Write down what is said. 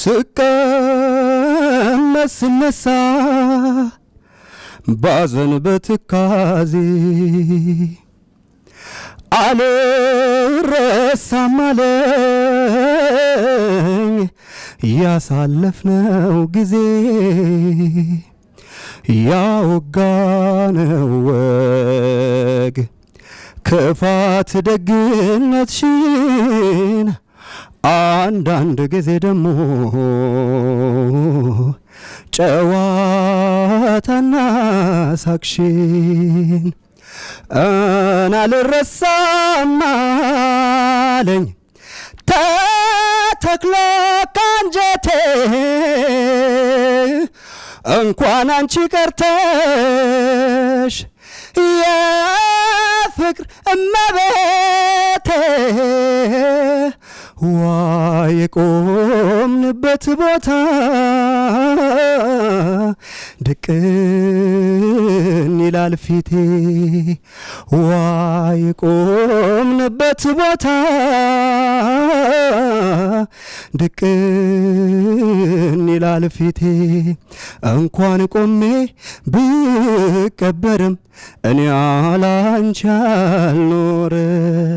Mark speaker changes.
Speaker 1: ስቀመጥ ስነሳ ባዘን በትካዜ አልረሳም አለኝ ያሳለፍነው ጊዜ ያወጋነው ወግ ክፋት ደግነት አንዳንድ ጊዜ ደግሞ ጨዋታና ሳቅሽን እና አለኝ ተተክሎ ካንጀቴ እንኳን አንቺ ቀርተሽ የፍቅር እመቤቴ ዋ የቆምንበት ቦታ ድቅን ይላል ፊቴ ዋ የቆምንበት ቦታ ድቅን ይላል ፊቴ እንኳን ቆሜ ብቀበርም እኔ አላንቻ አልኖረ